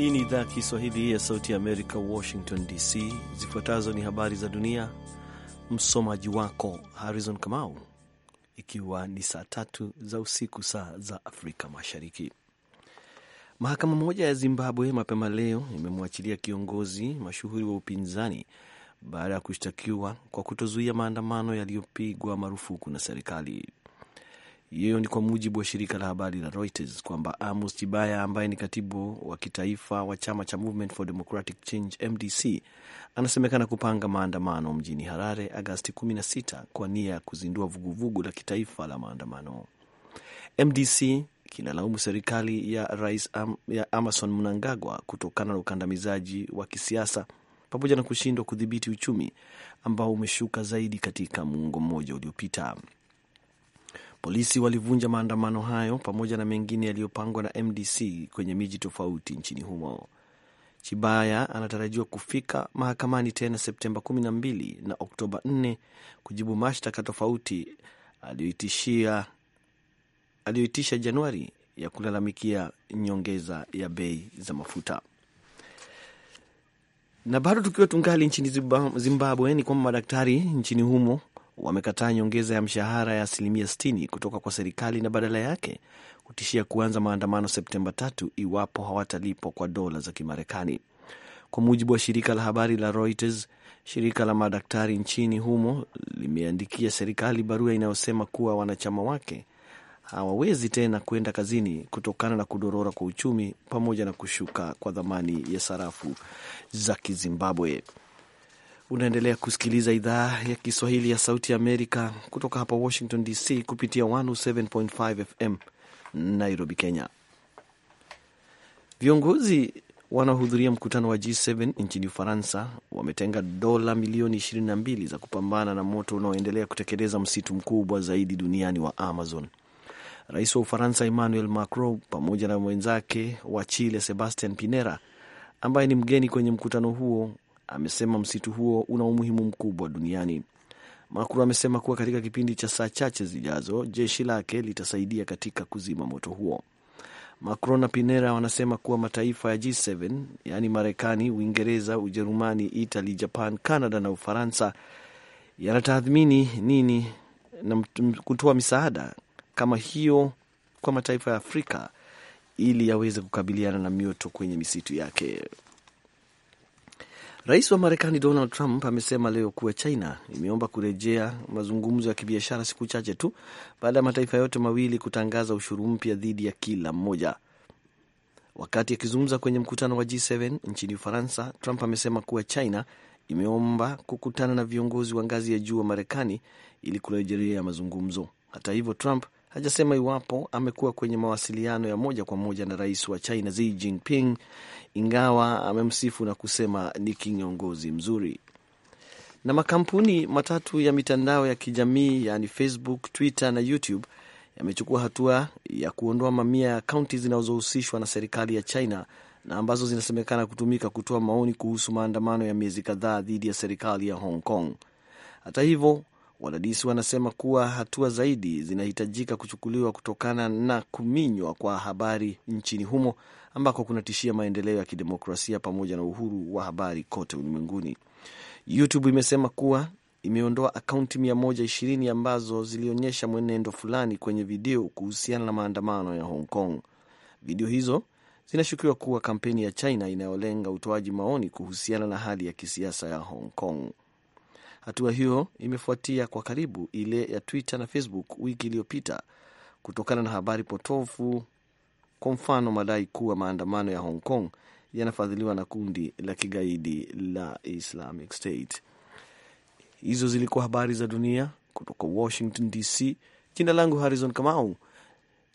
Hii ni idhaa ya Kiswahili ya Sauti ya Amerika, Washington DC. Zifuatazo ni habari za dunia, msomaji wako Harrison Kamau, ikiwa ni saa tatu za usiku saa za Afrika Mashariki. Mahakama moja ya Zimbabwe mapema leo imemwachilia kiongozi mashuhuri wa upinzani baada ya kushtakiwa kwa kutozuia maandamano yaliyopigwa marufuku na serikali. Hiyo ni kwa mujibu wa shirika la habari la Reuters kwamba Amos Chibaya ambaye ni katibu wa kitaifa wa chama cha Movement for Democratic Change MDC anasemekana kupanga maandamano mjini Harare Agasti 16 kwa nia ya kuzindua vuguvugu la kitaifa la maandamano. MDC kinalaumu serikali ya Rais Am, ya Amazon Mnangagwa kutokana na ukandamizaji wa kisiasa pamoja na kushindwa kudhibiti uchumi ambao umeshuka zaidi katika muongo mmoja uliopita. Polisi walivunja maandamano hayo pamoja na mengine yaliyopangwa na MDC kwenye miji tofauti nchini humo. Chibaya anatarajiwa kufika mahakamani tena Septemba 12 na Oktoba 4 kujibu mashtaka tofauti aliyoitisha Januari ya kulalamikia nyongeza ya bei za mafuta. Na bado tukiwa tungali nchini Zimbabwe, ni kwamba madaktari nchini humo wamekataa nyongeza ya mshahara ya asilimia 60 kutoka kwa serikali na badala yake kutishia kuanza maandamano Septemba tatu iwapo hawatalipwa kwa dola za Kimarekani. Kwa mujibu wa shirika la habari la Reuters, shirika la madaktari nchini humo limeandikia serikali barua inayosema kuwa wanachama wake hawawezi tena kwenda kazini kutokana na kudorora kwa uchumi pamoja na kushuka kwa thamani ya sarafu za Kizimbabwe. Unaendelea kusikiliza idhaa ya Kiswahili ya Sauti ya Amerika kutoka hapa Washington DC kupitia 107.5 FM Nairobi, Kenya. Viongozi wanaohudhuria mkutano wa G7 nchini Ufaransa wametenga dola milioni 22 za kupambana na moto unaoendelea kutekeleza msitu mkubwa zaidi duniani wa Amazon. Rais wa Ufaransa Emmanuel Macron pamoja na mwenzake wa Chile Sebastian Pinera ambaye ni mgeni kwenye mkutano huo amesema msitu huo una umuhimu mkubwa duniani. Makuru amesema kuwa katika kipindi cha saa chache zijazo jeshi lake litasaidia katika kuzima moto huo. Macron na Pinera wanasema kuwa mataifa ya G7 yaani Marekani, Uingereza, Ujerumani, Italy, Japan, Canada na Ufaransa yanatathmini nini na kutoa misaada kama hiyo kwa mataifa ya Afrika ili yaweze kukabiliana na mioto kwenye misitu yake. Rais wa Marekani Donald Trump amesema leo kuwa China imeomba kurejea mazungumzo ya kibiashara siku chache tu baada ya mataifa yote mawili kutangaza ushuru mpya dhidi ya kila mmoja. Wakati akizungumza kwenye mkutano wa G7 nchini Ufaransa, Trump amesema kuwa China imeomba kukutana na viongozi wa ngazi ya juu wa Marekani ili kurejelea mazungumzo. Hata hivyo, Trump hajasema iwapo amekuwa kwenye mawasiliano ya moja kwa moja na rais wa China Xi Jinping ingawa amemsifu na kusema ni kiongozi mzuri. Na makampuni matatu ya mitandao ya kijamii yaani Facebook, Twitter na YouTube yamechukua hatua ya kuondoa mamia ya akaunti zinazohusishwa na serikali ya China na ambazo zinasemekana kutumika kutoa maoni kuhusu maandamano ya miezi kadhaa dhidi ya serikali ya Hong Kong. Hata hivyo, Wadadisi wanasema kuwa hatua zaidi zinahitajika kuchukuliwa kutokana na kuminywa kwa habari nchini humo ambako kunatishia maendeleo ya kidemokrasia pamoja na uhuru wa habari kote ulimwenguni. YouTube imesema kuwa imeondoa akaunti 120 ambazo zilionyesha mwenendo fulani kwenye video kuhusiana na maandamano ya Hong Kong. Video hizo zinashukiwa kuwa kampeni ya China inayolenga utoaji maoni kuhusiana na hali ya kisiasa ya Hong Kong. Hatua hiyo imefuatia kwa karibu ile ya Twitter na Facebook wiki iliyopita kutokana na habari potofu, kwa mfano madai kuwa maandamano ya Hong Kong yanafadhiliwa na kundi la kigaidi la Islamic State. Hizo zilikuwa habari za dunia kutoka Washington DC. Jina langu Harrison Kamau.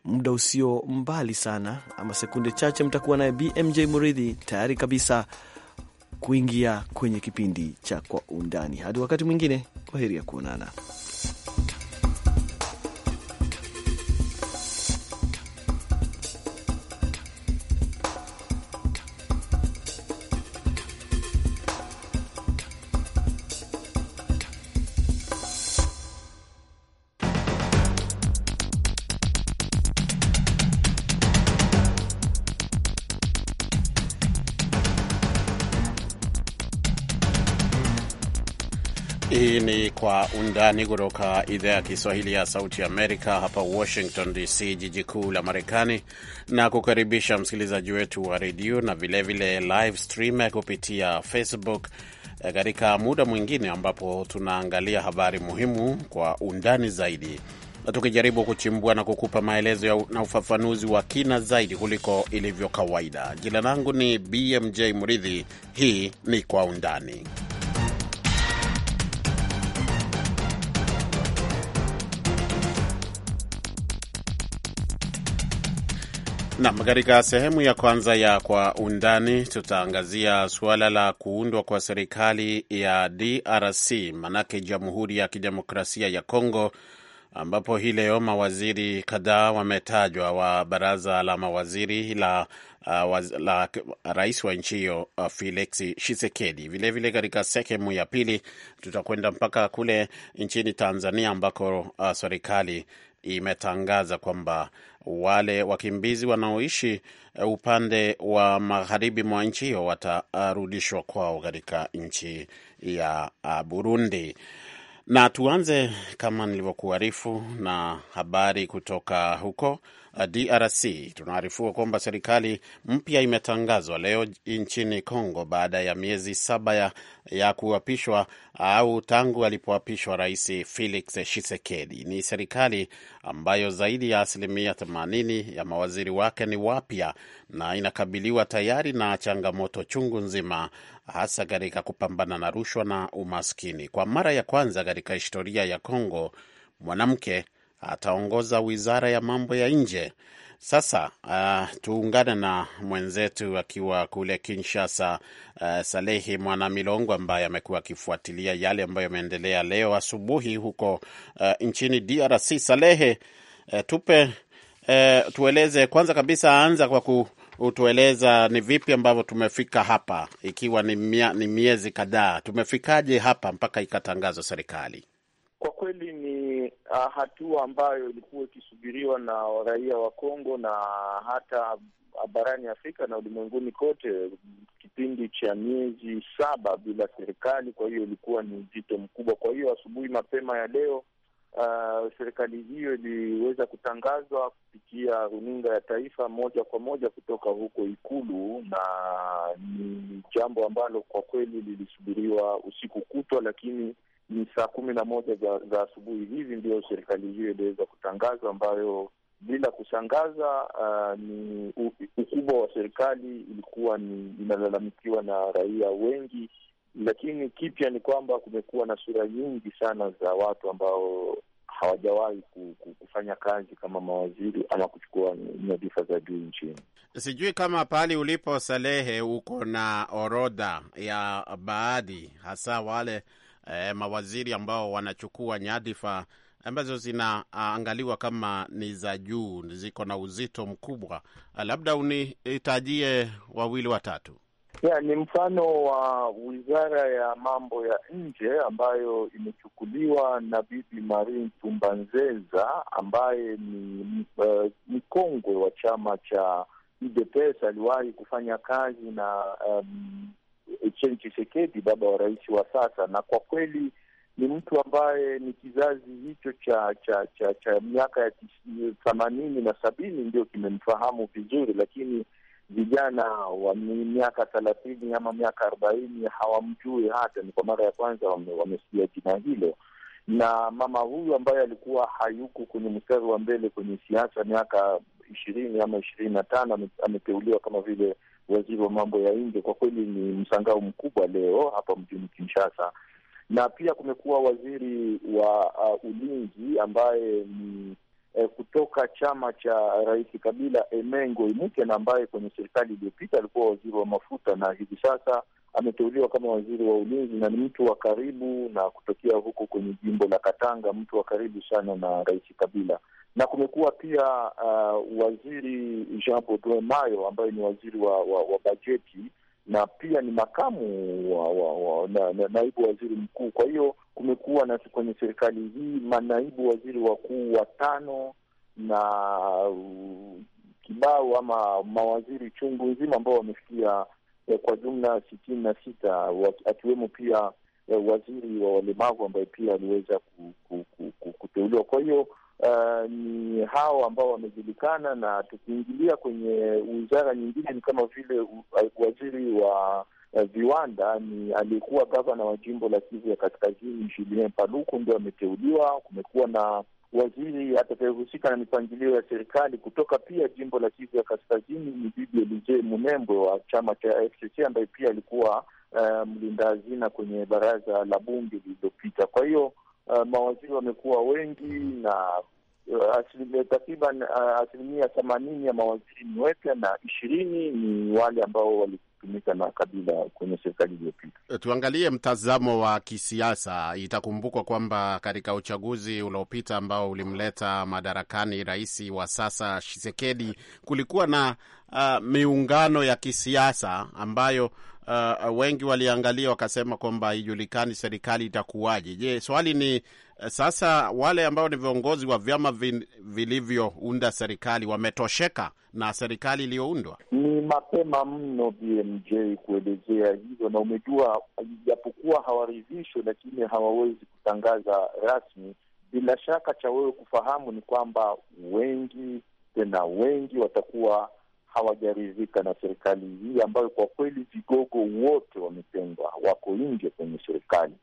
Muda usio mbali sana ama sekunde chache mtakuwa naye BMJ Muridhi tayari kabisa kuingia kwenye kipindi cha Kwa Undani. Hadi wakati mwingine, kwa heri ya kuonana. Kwa Undani kutoka idhaa ya Kiswahili ya Sauti Amerika hapa Washington DC, jiji kuu la Marekani, na kukaribisha msikilizaji wetu wa redio na vilevile live stream kupitia Facebook eh, katika muda mwingine ambapo tunaangalia habari muhimu kwa undani zaidi, na tukijaribu kuchimbua na kukupa maelezo na ufafanuzi wa kina zaidi kuliko ilivyo kawaida. Jina langu ni BMJ Mridhi. Hii ni Kwa Undani. Nam, katika sehemu ya kwanza ya Kwa Undani tutaangazia suala la kuundwa kwa serikali ya DRC, manake Jamhuri ya Kidemokrasia ya Kongo, ambapo hii leo mawaziri kadhaa wametajwa wa baraza la mawaziri la, uh, waz, la rais wa nchi hiyo uh, Felix Tshisekedi. Vilevile katika sehemu ya pili tutakwenda mpaka kule nchini Tanzania ambako uh, serikali imetangaza kwamba wale wakimbizi wanaoishi eh, upande wa magharibi mwa nchi hiyo watarudishwa kwao katika nchi ya ah, Burundi. Na tuanze kama nilivyokuarifu na habari kutoka huko DRC Tunaarifua kwamba serikali mpya imetangazwa leo nchini Congo baada ya miezi saba ya, ya kuapishwa au tangu alipoapishwa Rais Felix Tshisekedi. Ni serikali ambayo zaidi ya asilimia 80 ya mawaziri wake ni wapya na inakabiliwa tayari na changamoto chungu nzima, hasa katika kupambana na rushwa na umaskini. Kwa mara ya kwanza katika historia ya Congo mwanamke ataongoza wizara ya mambo ya nje. Sasa uh, tuungane na mwenzetu akiwa kule Kinshasa, uh, Salehi Mwana Milongo ambaye amekuwa akifuatilia yale ambayo yameendelea leo asubuhi huko uh, nchini DRC. Salehe, uh, tupe uh, tueleze kwanza kabisa, anza kwa kutueleza ni vipi ambavyo tumefika hapa, ikiwa ni, mia, ni miezi kadhaa tumefikaje hapa mpaka ikatangazwa serikali kwa kweli ni uh, hatua ambayo ilikuwa ikisubiriwa na raia wa Kongo na hata barani Afrika na ulimwenguni kote, kipindi cha miezi saba bila serikali. Kwa hiyo ilikuwa ni uzito mkubwa. Kwa hiyo asubuhi mapema ya leo uh, serikali hiyo iliweza kutangazwa kupitia runinga ya taifa moja kwa moja kutoka huko Ikulu, na ni jambo ambalo kwa kweli lilisubiriwa usiku kutwa, lakini ni saa kumi na moja za asubuhi. Hivi ndio serikali hiyo iliweza kutangazwa, ambayo bila kushangaza uh, ni ukubwa wa serikali ilikuwa ni inalalamikiwa na raia wengi, lakini kipya ni kwamba kumekuwa na sura nyingi sana za watu ambao hawajawahi kufanya kazi kama mawaziri ama kuchukua nyadhifa za juu nchini. Sijui kama pahali ulipo Salehe, uko na orodha ya baadhi, hasa wale e, mawaziri ambao wanachukua nyadhifa ambazo zinaangaliwa kama ni za juu, ziko na uzito mkubwa. Labda unihitajie wawili watatu. Yeah, ni mfano wa wizara ya mambo ya nje ambayo imechukuliwa na Bibi Marin Tumbanzeza ambaye ni uh, eh, mkongwe wa chama cha UDPS. Aliwahi kufanya kazi na um, Etienne chisekedi baba wa rais wa sasa, na kwa kweli ni mtu ambaye ni kizazi hicho cha cha cha cha miaka ya themanini na sabini ndio kimemfahamu vizuri, lakini vijana wa miaka thelathini ama miaka arobaini hawamjui hata. Ni kwa mara ya kwanza wamesikia jina hilo, na mama huyu ambaye alikuwa hayuko kwenye mstari wa mbele kwenye siasa miaka ishirini ama ishirini na tano ameteuliwa kama vile waziri wa mambo ya nje. Kwa kweli ni msangao mkubwa leo hapa mjini Kinshasa, na pia kumekuwa waziri wa uh, ulinzi ambaye ni eh, kutoka chama cha Rais Kabila, Emengo Imuke, na ambaye kwenye serikali iliyopita alikuwa waziri wa mafuta na hivi sasa ameteuliwa kama waziri wa ulinzi na ni mtu wa karibu na kutokea huko kwenye jimbo la Katanga, mtu wa karibu sana na Rais Kabila na kumekuwa pia uh, waziri Jean Baudouin Mayo ambaye ni waziri wa, wa, wa bajeti na pia ni makamu wa, wa, wa, na, na, naibu waziri mkuu. Kwa hiyo kumekuwa na kwenye serikali hii manaibu waziri wakuu watano na uh, kibao ama mawaziri chungu nzima ambao wamefikia eh, kwa jumla sitini na sita akiwemo pia eh, waziri wa walemavu ambaye pia aliweza ku, ku, ku, kuteuliwa. Kwa hiyo uh, ni hao ambao wamejulikana, na tukiingilia kwenye wizara nyingine ni kama vile waziri wa uh, viwanda ni aliyekuwa gavana wa jimbo la Kivu ya Kaskazini Julien Paluku ndio ameteuliwa. Kumekuwa na waziri atakayehusika na mipangilio ya serikali kutoka pia jimbo la Kivu ya Kaskazini ni bibi Elize Munembwe wa chama cha FCC ambaye pia alikuwa uh, mlinda hazina kwenye baraza la bunge lililopita. Kwa hiyo uh, mawaziri wamekuwa wengi na eh, takriban uh, asilimia themanini ya mawaziri ni wepya na ishirini ni wale ambao walitumika na Kabila kwenye serikali iliyopita. Tuangalie mtazamo wa kisiasa. Itakumbukwa kwamba katika uchaguzi uliopita ambao ulimleta madarakani rais wa sasa Shisekedi, kulikuwa na uh, miungano ya kisiasa ambayo Uh, uh, wengi waliangalia wakasema kwamba haijulikani serikali itakuwaje. Je, swali ni uh, sasa wale ambao ni viongozi wa vyama vin, vilivyounda serikali wametosheka na serikali iliyoundwa? Ni mapema mno BMJ kuelezea hivyo, na umejua, ijapokuwa hawaridhishwe, lakini hawawezi kutangaza rasmi. Bila shaka cha wewe kufahamu ni kwamba wengi tena wengi watakuwa hawajaridhika na serikali hii ambayo kwa kweli vigogo wote wametengwa, wako nje kwenye serikali.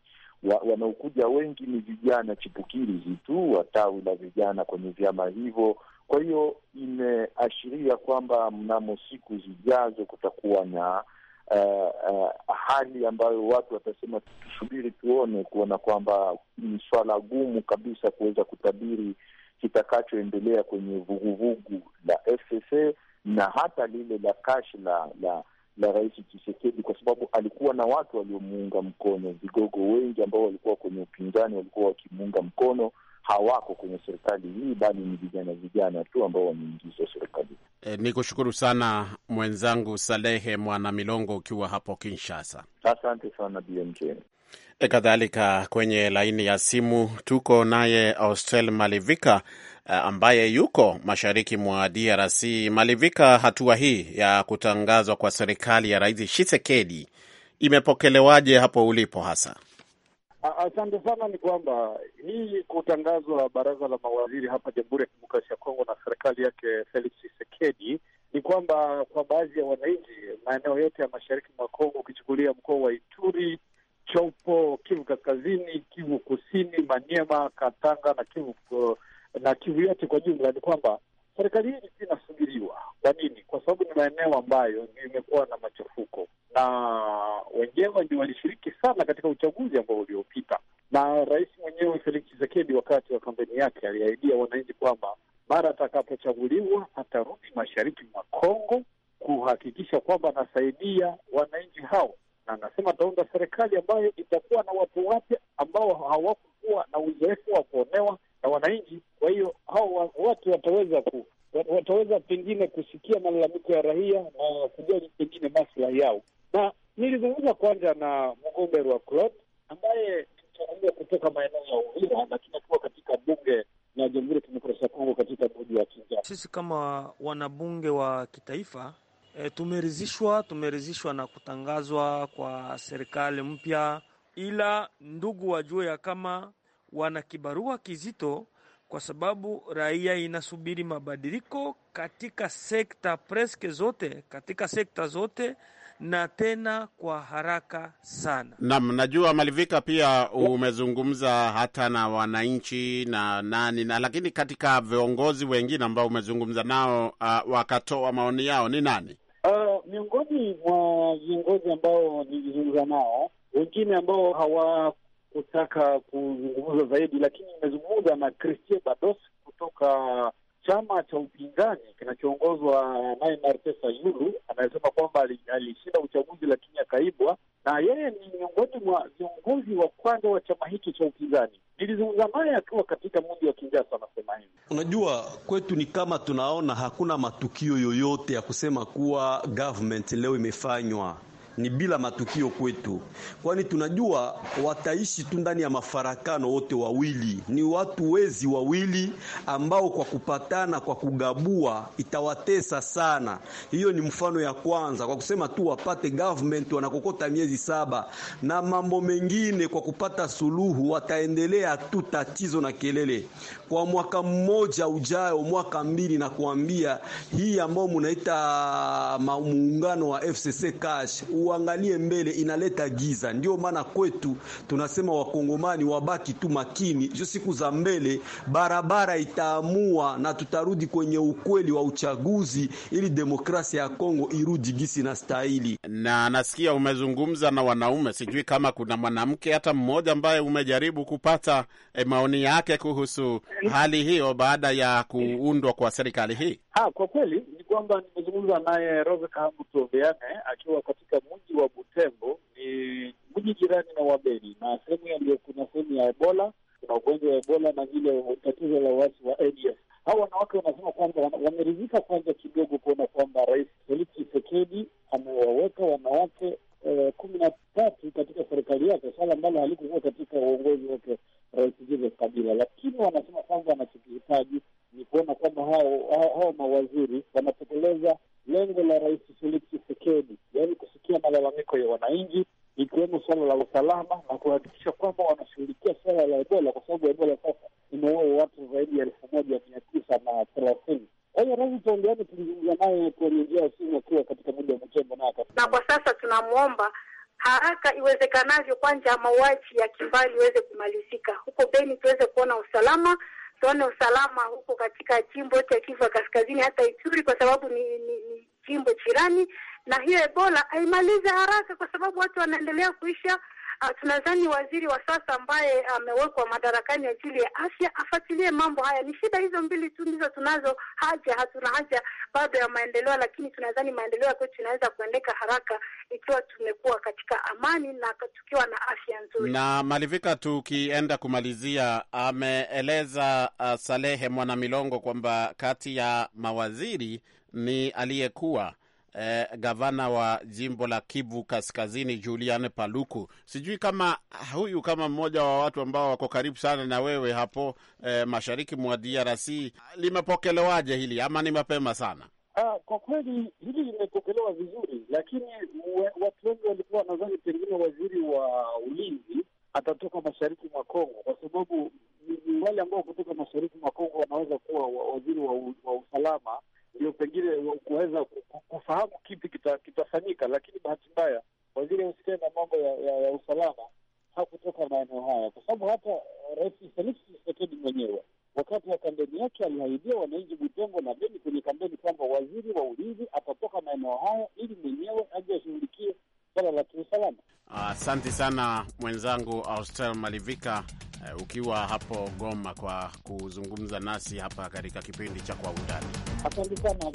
Wa, wanaokuja wengi ni vijana chipukizi tu wa tawi la vijana kwenye vyama hivyo. Kwa hiyo imeashiria kwamba mnamo siku zijazo kutakuwa na uh, uh, hali ambayo watu watasema tusubiri tuone, kuona kwamba ni swala gumu kabisa kuweza kutabiri kitakachoendelea kwenye vuguvugu la FCC na hata lile la kashi la la la Rais chisekedi kwa sababu alikuwa na watu waliomuunga mkono. Vigogo wengi ambao walikuwa kwenye upinzani walikuwa wakimuunga mkono, hawako kwenye serikali hii, bali ni vijana vijana tu ambao wameingizwa serikali. E, ni kushukuru sana mwenzangu Salehe Mwana Milongo ukiwa hapo Kinshasa. Asante sana BMJ. E, kadhalika kwenye laini ya simu tuko naye Austel Malivika Eh, ambaye yuko mashariki mwa DRC malivika. Hatua hii ya kutangazwa kwa serikali ya Rais Tshisekedi imepokelewaje hapo ulipo hasa? Asante sana. Ni kwamba hii kutangazwa baraza la mawaziri hapa Jamhuri ya Kidemokrasia ya Kongo na serikali yake Felix Tshisekedi ni kwamba kwa baadhi ya wananchi maeneo yote ya mashariki mwa Kongo, ukichukulia mkoa wa Ituri, Chopo, Kivu Kaskazini, Kivu Kusini, Maniema, Katanga na Kivu na kivu yote kwa jumla, ni kwamba serikali hii ilikuwa inasubiriwa. Kwa nini? Kwa sababu ni maeneo ambayo ndio imekuwa na machafuko, na wenyewe ndio walishiriki sana katika uchaguzi ambao uliopita, na rais mwenyewe Felix Tshisekedi wakati wa kampeni yake aliahidia wananchi kwamba mara atakapochaguliwa atarudi mashariki mwa Kongo kuhakikisha kwamba anasaidia wananchi hao, na anasema ataunda serikali ambayo itakuwa na watu wapya ambao hawakukuwa na uzoefu wa kuonewa na wananchi hao watu wataweza ku, wataweza pengine kusikia malalamiko ya raia na kujali pengine maslahi yao. Na nilizungumza kwanza na mgombea wa Claude ambaye tunaambiwa kutoka maeneo ya Uvira, lakini akiwa katika bunge na Jamhuri ya Kidemokrasia ya Kongo katika mji wa Kinshasa. Sisi kama wanabunge wa kitaifa e, tumeridhishwa tumeridhishwa na kutangazwa kwa serikali mpya, ila ndugu wajue ya kama wana kibarua kizito kwa sababu raia inasubiri mabadiliko katika sekta preske zote, katika sekta zote na tena kwa haraka sana. Naam, najua Malivika, pia umezungumza hata na wananchi na nani na, lakini katika viongozi wengine ambao umezungumza nao uh, wakatoa maoni yao ni nani? Uh, miongoni mwa viongozi ambao nilizungumza nao wengine ambao hawa kutaka kuzungumza zaidi, lakini imezungumza na Christie Bados kutoka chama cha upinzani kinachoongozwa naye Martin Fayulu, anayesema kwamba alishinda uchaguzi lakini akaibwa, na yeye ni miongoni mwa viongozi wa kwanza wa chama hiki cha upinzani. Nilizungumza naye akiwa katika mji wa Kinshasa, anasema hivi: unajua, kwetu ni kama tunaona hakuna matukio yoyote ya kusema kuwa government leo imefanywa ni bila matukio kwetu, kwani tunajua wataishi tu ndani ya mafarakano. Wote wawili ni watu wezi wawili ambao kwa kupatana, kwa kugabua itawatesa sana. Hiyo ni mfano ya kwanza, kwa kusema tu wapate government wanakokota miezi saba na mambo mengine. Kwa kupata suluhu, wataendelea tu tatizo na kelele kwa mwaka mmoja ujao, mwaka mbili, na kuambia hii ambao munaita muungano wa FCC cash uangalie mbele, inaleta giza. Ndio maana kwetu tunasema wakongomani wabaki tu makini, hizo siku za mbele barabara itaamua na tutarudi kwenye ukweli wa uchaguzi, ili demokrasia ya Kongo irudi gisi na stahili. Na nasikia umezungumza na wanaume, sijui kama kuna mwanamke hata mmoja ambaye umejaribu kupata eh, maoni yake kuhusu hali hiyo baada ya kuundwa kwa serikali hii. Ha, kwa kweli ni kwamba nimezungumza naye Rose Kahambu Tuoveane akiwa katika mji wa Butembo, ni mji jirani na Wabeni, na sehemu ndio kuna sehemu ya Ebola, kuna ugonjwa wa Ebola na vile tatizo la uasi wa ADF. Hao wanawake wanasema kwamba wameridhika kwanza kidogo kuona kwamba Rais Felix Tshisekedi amewaweka wanawake eh, kumi na tatu katika serikali yake, swala ambalo halikukuwa katika uongozi wake Rais Joseph Kabila, lakini wanasema kwamba anachokihitaji ni kuona kwamba hao mawaziri wanatekeleza lengo la Rais Felix Tshisekedi, yaani kusikia malalamiko ya wananchi, ikiwemo suala la usalama na kuhakikisha kwamba wanashughulikia suala la Ebola, kwa sababu Ebola sasa imeua watu zaidi ya elfu moja mia tisa na thelathini. Kwa hiyo Rais Ondiani tulizungumza naye kwenye njia ya simu akiwa katika muda wa mchembo na kwa sasa tunamwomba haraka iwezekanavyo, kwanza mauaji ya kimbali iweze kumalizika huko Beni, tuweze kuona usalama tuone usalama huko katika jimbo yote ya Kivu ya Kaskazini, hata Ituri, kwa sababu ni, ni, ni jimbo jirani na hiyo Ebola haimalize haraka, kwa sababu watu wanaendelea kuisha. Uh, tunadhani waziri wa sasa ambaye amewekwa uh, madarakani ajili ya afya afuatilie mambo haya. Ni shida hizo mbili tu ndizo tunazo haja, hatuna haja bado ya maendeleo, lakini tunadhani maendeleo ya kwetu inaweza kuendeka haraka ikiwa tumekuwa katika amani na tukiwa na afya nzuri. Na malivika, tukienda kumalizia, ameeleza uh, Salehe Mwanamilongo kwamba kati ya mawaziri ni aliyekuwa eh, gavana wa jimbo la Kivu Kaskazini Julian Paluku. Sijui kama huyu kama mmoja wa watu ambao wako karibu sana na wewe hapo eh, mashariki mwa DRC, limepokelewaje hili ama ni mapema sana? Ah, kwa kweli hili limepokelewa vizuri, lakini watu wengi walikuwa nadhani pengine waziri wa ulinzi atatoka mashariki mwa Kongo kwa sababu ni wale ambao kutoka mashariki mwa Kongo wanaweza kuwa waziri wa, wa usalama ndio pengine kuweza kufahamu kipi kitafanyika kita, lakini bahati mbaya waziri husikae na mambo ya, ya, ya usalama hakutoka maeneo haya, kwa sababu hata eh, Rais Felix Tshisekedi mwenyewe wakati wa kampeni yake aliahidia wananchi Butembo na Beni kwenye kampeni kwamba waziri wa ulinzi atatoka maeneo haya ili mwenyewe Asante uh, sana mwenzangu Austel Malivika uh, ukiwa hapo Goma kwa kuzungumza nasi hapa katika kipindi cha Kwa Undani. Asante sana.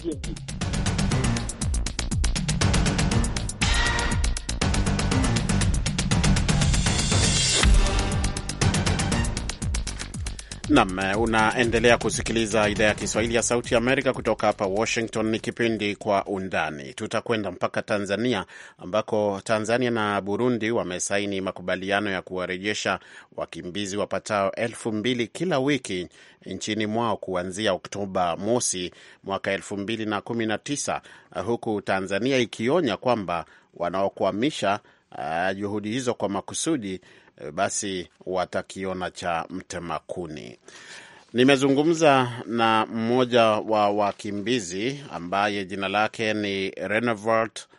Nam, unaendelea kusikiliza idhaa ya Kiswahili ya Sauti ya Amerika kutoka hapa Washington. Ni kipindi Kwa Undani. Tutakwenda mpaka Tanzania, ambako Tanzania na Burundi wamesaini makubaliano ya kuwarejesha wakimbizi wapatao elfu mbili kila wiki nchini mwao kuanzia Oktoba mosi mwaka elfu mbili na kumi na tisa, huku Tanzania ikionya kwamba wanaokwamisha uh, juhudi hizo kwa makusudi Eh, basi watakiona cha mtemakuni. Nimezungumza na mmoja wa wakimbizi ambaye jina lake ni Renevart uh,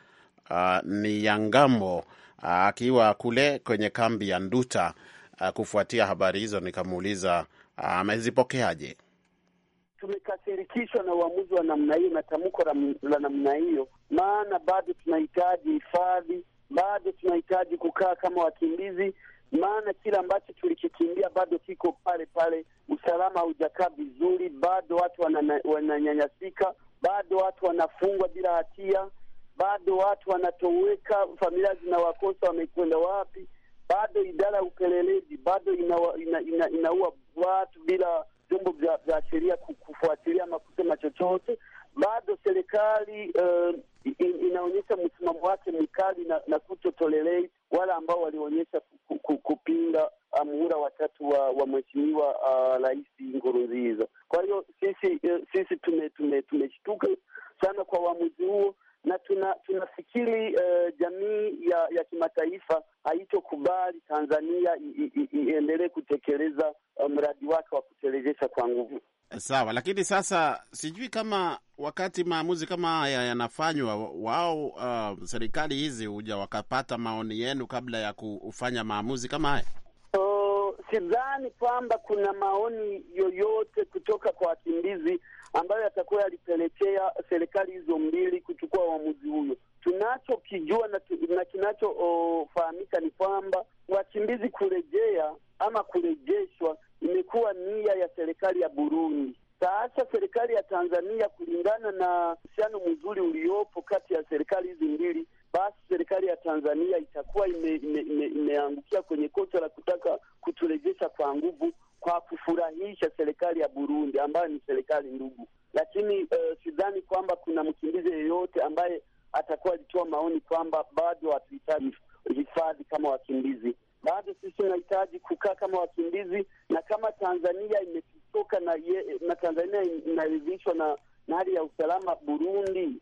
ah, ni Yangambo ah, akiwa kule kwenye kambi ya Nduta uh, kufuatia habari hizo nikamuuliza amezipokeaje. Uh, tumekasirikishwa na uamuzi wa namna hiyo na tamko la namna hiyo, maana bado tunahitaji hifadhi, bado tunahitaji kukaa kama wakimbizi, maana kile ambacho tulikikimbia bado kiko pale pale, usalama haujakaa vizuri, bado watu wananyanyasika, bado watu wanafungwa bila hatia, bado watu wanatoweka, familia zinawakosa wamekwenda wapi, bado idara ya upelelezi bado inaua ina, ina, ina watu bila vyombo vya sheria kufuatilia ama kusema chochote. Bado serikali uh, eh, in, inaonyesha msimamo wake mkali na, na kutotolelei wale ambao walionyesha kupinga uh, muhula watatu wa, wa mheshimiwa uh, rais Nkurunziza. Kwa hiyo sisi eh, sisi tumeshtuka tume, tume sana kwa uamuzi huo na tuna tunafikiri uh, jamii ya ya kimataifa haitokubali Tanzania iendelee kutekeleza uh, mradi um, wake wa kutelezesha kwa nguvu. Sawa, lakini sasa sijui kama wakati maamuzi kama haya yanafanywa, wao uh, serikali hizi huja wakapata maoni yenu kabla ya kufanya maamuzi kama haya. sidhani kwamba kuna maoni yoyote kutoka kwa wakimbizi ambayo yatakuwa yalipelekea serikali hizo mbili kuchukua uamuzi huyo. Tunachokijua na, na kinachofahamika ni kwamba wakimbizi kurejea ama kurejeshwa imekuwa nia ya serikali ya Burundi. Sasa serikali ya Tanzania, kulingana na uhusiano mzuri uliopo kati ya serikali hizi mbili, basi serikali ya Tanzania itakuwa imeangukia ime, ime, kwenye kosa la kutaka kuturejesha kwa nguvu kwa kufurahisha serikali ya Burundi ambayo ni serikali ndugu. Lakini uh, sidhani kwamba kuna mkimbizi yeyote ambaye atakuwa alitoa maoni kwamba bado hatuhitaji hifadhi kama wakimbizi bado sisi tunahitaji kukaa kama wakimbizi, na kama Tanzania imetutoka na, na Tanzania inaridhishwa na, na hali ya usalama Burundi,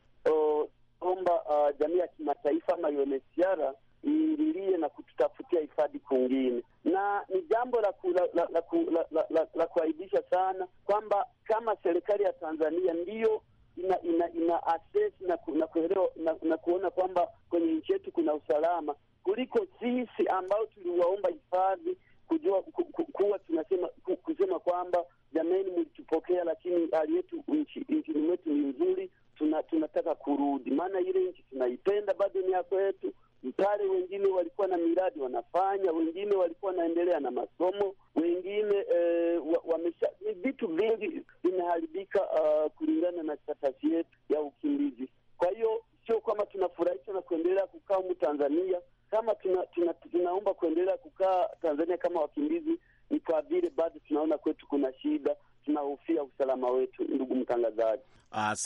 omba uh, jamii ya kimataifa ama UNHCR iingilie na kututafutia hifadhi kwingine, na ni jambo la, la, la, la, la, la, la, la kuaibisha sana kwamba kama serikali ya Tanzania ndiyo ina ina, ina assess na, ku, na, kuelewa, na, na kuona kwamba kwenye nchi Liko sisi ambao tuliwaomba hifadhi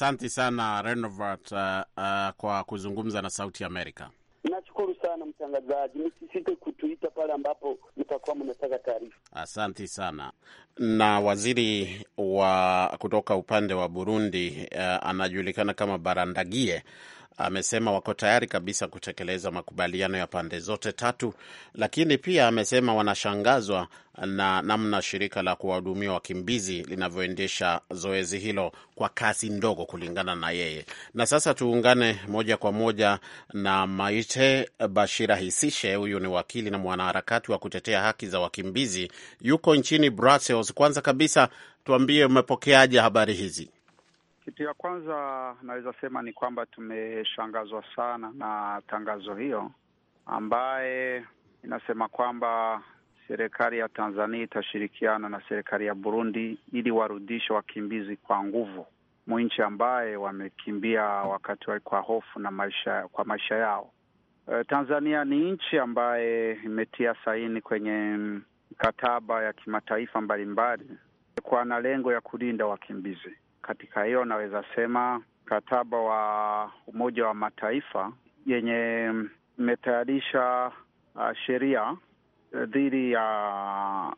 Asanti sana Renovat, uh, uh, kwa kuzungumza na Sauti Amerika. Nashukuru sana mtangazaji, msisite kutuita pale ambapo mtakuwa mnataka taarifa. Asanti sana. Na waziri wa kutoka upande wa Burundi uh, anajulikana kama Barandagie amesema wako tayari kabisa kutekeleza makubaliano ya pande zote tatu, lakini pia amesema wanashangazwa na namna shirika la kuwahudumia wakimbizi linavyoendesha zoezi hilo kwa kasi ndogo kulingana na yeye. Na sasa tuungane moja kwa moja na Maite Bashira Hisishe. Huyu ni wakili na mwanaharakati wa kutetea haki za wakimbizi, yuko nchini Brussels. Kwanza kabisa tuambie, umepokeaje habari hizi? Kitu ya kwanza naweza sema ni kwamba tumeshangazwa sana na tangazo hiyo ambaye inasema kwamba serikali ya Tanzania itashirikiana na serikali ya Burundi ili warudishe wakimbizi kwa nguvu mu nchi ambaye wamekimbia wakati wa kwa hofu na maisha, kwa maisha yao. E, Tanzania ni nchi ambaye imetia saini kwenye mkataba ya kimataifa mbalimbali kwa na lengo ya kulinda wakimbizi katika hiyo naweza sema mkataba wa Umoja wa Mataifa yenye imetayarisha uh, sheria uh, dhidi ya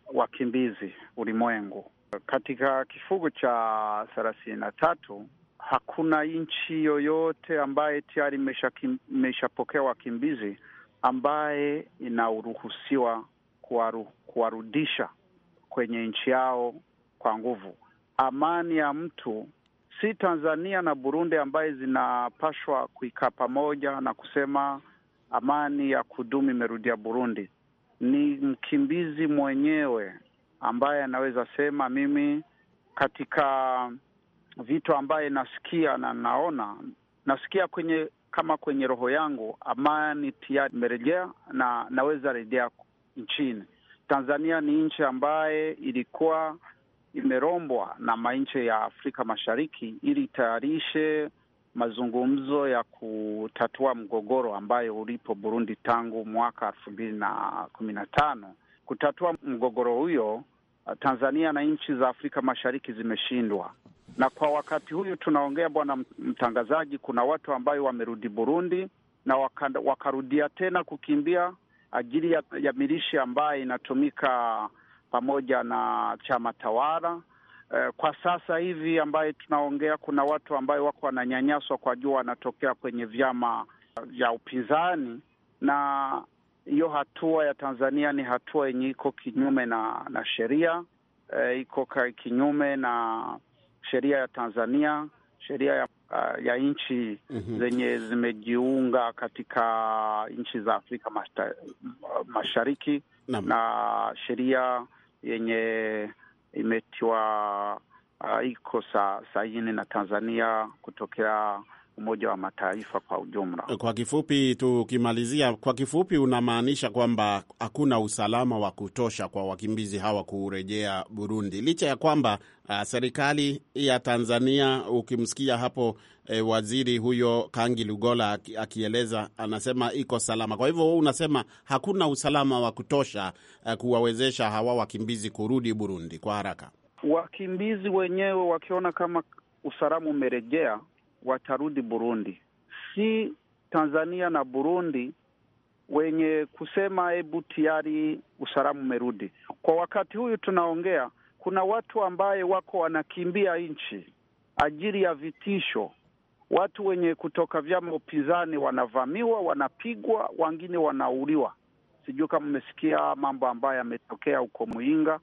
uh, wakimbizi ulimwengu. Katika kifungu cha thelathini na tatu hakuna nchi yoyote ambaye tayari imeshapokea wakimbizi ambaye inaruhusiwa kuwarudisha kwenye nchi yao kwa nguvu amani ya mtu, si Tanzania na Burundi ambaye zinapashwa kuikaa pamoja na kusema amani ya kudumu imerudia Burundi. Ni mkimbizi mwenyewe ambaye anaweza sema mimi, katika vitu ambaye nasikia na naona, nasikia kwenye kama kwenye roho yangu amani tayari imerejea na naweza rejea nchini. Tanzania ni nchi ambaye ilikuwa imerombwa na manchi ya Afrika Mashariki ili itayarishe mazungumzo ya kutatua mgogoro ambayo ulipo Burundi tangu mwaka elfu mbili na kumi na tano. Kutatua mgogoro huyo Tanzania na nchi za Afrika Mashariki zimeshindwa, na kwa wakati huyu tunaongea, bwana mtangazaji, kuna watu ambayo wamerudi Burundi na waka, wakarudia tena kukimbia ajili ya, ya milishi ambayo inatumika pamoja na chama tawala. Eh, kwa sasa hivi ambaye tunaongea, kuna watu ambayo wako wananyanyaswa kwa jua wanatokea kwenye vyama vya upinzani, na hiyo hatua ya Tanzania ni hatua yenye iko kinyume na na sheria e, iko kinyume na sheria ya Tanzania, sheria ya, uh, ya nchi mm -hmm. zenye zimejiunga katika nchi za Afrika Mashariki na sheria yenye imetiwa uh, iko saa saini na Tanzania kutokea Umoja wa Mataifa kwa ujumla. Kwa kifupi, tukimalizia kwa kifupi, unamaanisha kwamba hakuna usalama wa kutosha kwa wakimbizi hawa kurejea Burundi, licha ya kwamba uh, serikali ya Tanzania, ukimsikia hapo eh, waziri huyo Kangi Lugola akieleza, anasema iko salama. Kwa hivyo unasema hakuna usalama wa kutosha uh, kuwawezesha hawa wakimbizi kurudi Burundi kwa haraka, wakimbizi wenyewe wakiona kama usalama umerejea watarudi Burundi, si Tanzania na Burundi wenye kusema hebu tayari usalama umerudi. Kwa wakati huyu tunaongea, kuna watu ambaye wako wanakimbia nchi ajili ya vitisho. Watu wenye kutoka vyama upinzani wanavamiwa, wanapigwa, wengine wanauliwa. Sijui kama mmesikia mambo ambayo yametokea huko Muinga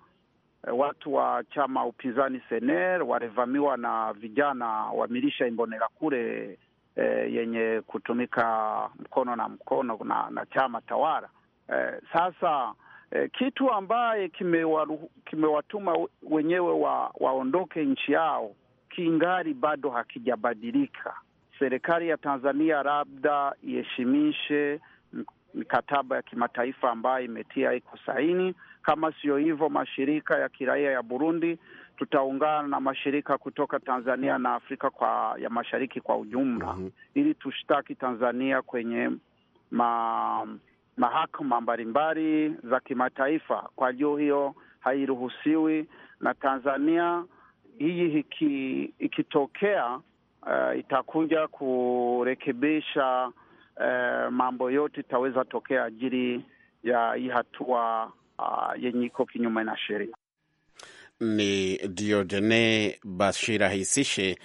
Eh, watu wa chama upinzani Sener walivamiwa na vijana wa milisha kule e, yenye kutumika mkono na mkono na, na chama tawala e, sasa e, kitu ambaye kimewatuma kime wenyewe wa, waondoke nchi yao kingali bado hakijabadilika. Serikali ya Tanzania labda iheshimishe mikataba ya kimataifa ambayo imetia iko saini kama siyo hivyo, mashirika ya kiraia ya Burundi tutaungana na mashirika kutoka Tanzania na Afrika kwa ya Mashariki kwa ujumla mm -hmm. ili tushtaki Tanzania kwenye ma, mahakama mbalimbali za kimataifa. Kwa juu hiyo hairuhusiwi na Tanzania hii hiki, ikitokea uh, itakuja kurekebisha uh, mambo yote itaweza tokea ajili ya hii hatua Uh, yenye iko kinyume na sheria. Ni Diodene Bashira Hisishe.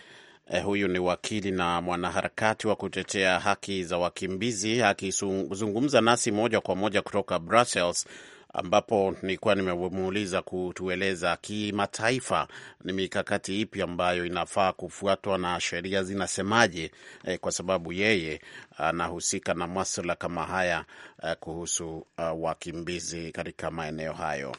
Eh, huyu ni wakili na mwanaharakati wa kutetea haki za wakimbizi akizungumza nasi moja kwa moja kutoka Brussels ambapo nilikuwa nimemuuliza kutueleza kimataifa ni mikakati ipi ambayo inafaa kufuatwa na sheria zinasemaje, eh, kwa sababu yeye anahusika na maswala kama haya eh, kuhusu uh, wakimbizi katika maeneo hayo.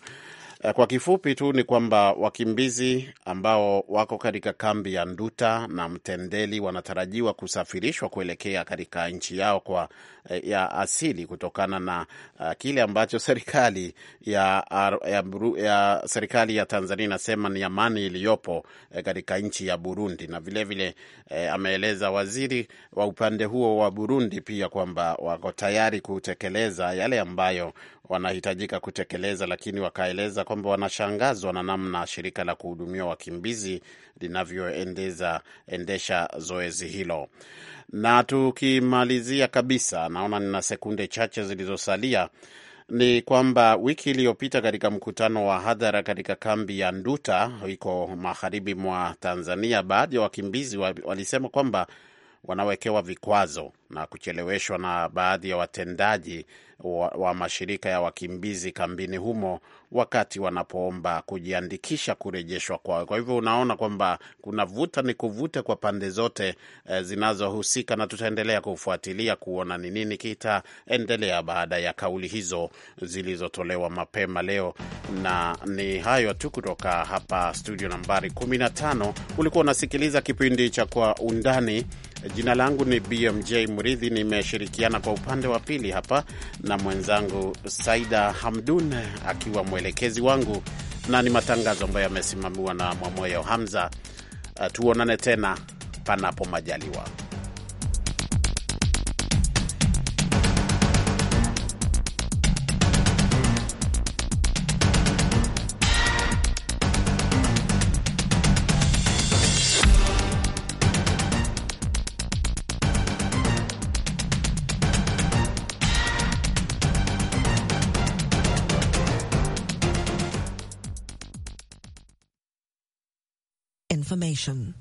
Eh, kwa kifupi tu ni kwamba wakimbizi ambao wako katika kambi ya Nduta na Mtendeli wanatarajiwa kusafirishwa kuelekea katika nchi yao kwa eh, ya asili kutokana na uh, kile ambacho serikali ya, ya, ya serikali ya Tanzania inasema ni amani iliyopo eh, katika nchi ya Burundi, na vilevile vile, eh, ameeleza waziri wa upande huo wa Burundi pia kwamba wako tayari kutekeleza yale ambayo wanahitajika kutekeleza, lakini wakaeleza kwamba wanashangazwa na namna shirika la kuhudumia wakimbizi linavyoendesha zoezi hilo. Na tukimalizia kabisa, naona nina sekunde chache zilizosalia, ni kwamba wiki iliyopita katika mkutano wa hadhara katika kambi ya Nduta iko magharibi mwa Tanzania, baadhi ya wakimbizi walisema kwamba wanawekewa vikwazo na kucheleweshwa na baadhi ya watendaji wa, wa mashirika ya wakimbizi kambini humo wakati wanapoomba kujiandikisha kurejeshwa kwao. Kwa hivyo unaona kwamba kuna vuta ni kuvute kwa pande zote eh, zinazohusika, na tutaendelea kufuatilia kuona ni nini kitaendelea baada ya kauli hizo zilizotolewa mapema leo. Na ni hayo tu kutoka hapa studio nambari 15. Ulikuwa unasikiliza kipindi cha Kwa Undani. Jina langu ni BMJ Mridhi, nimeshirikiana kwa upande wa pili hapa na mwenzangu Saida Hamdun akiwa mwelekezi wangu, na ni matangazo ambayo yamesimamiwa na Mwamoyo Hamza. Uh, tuonane tena panapo majaliwa. information.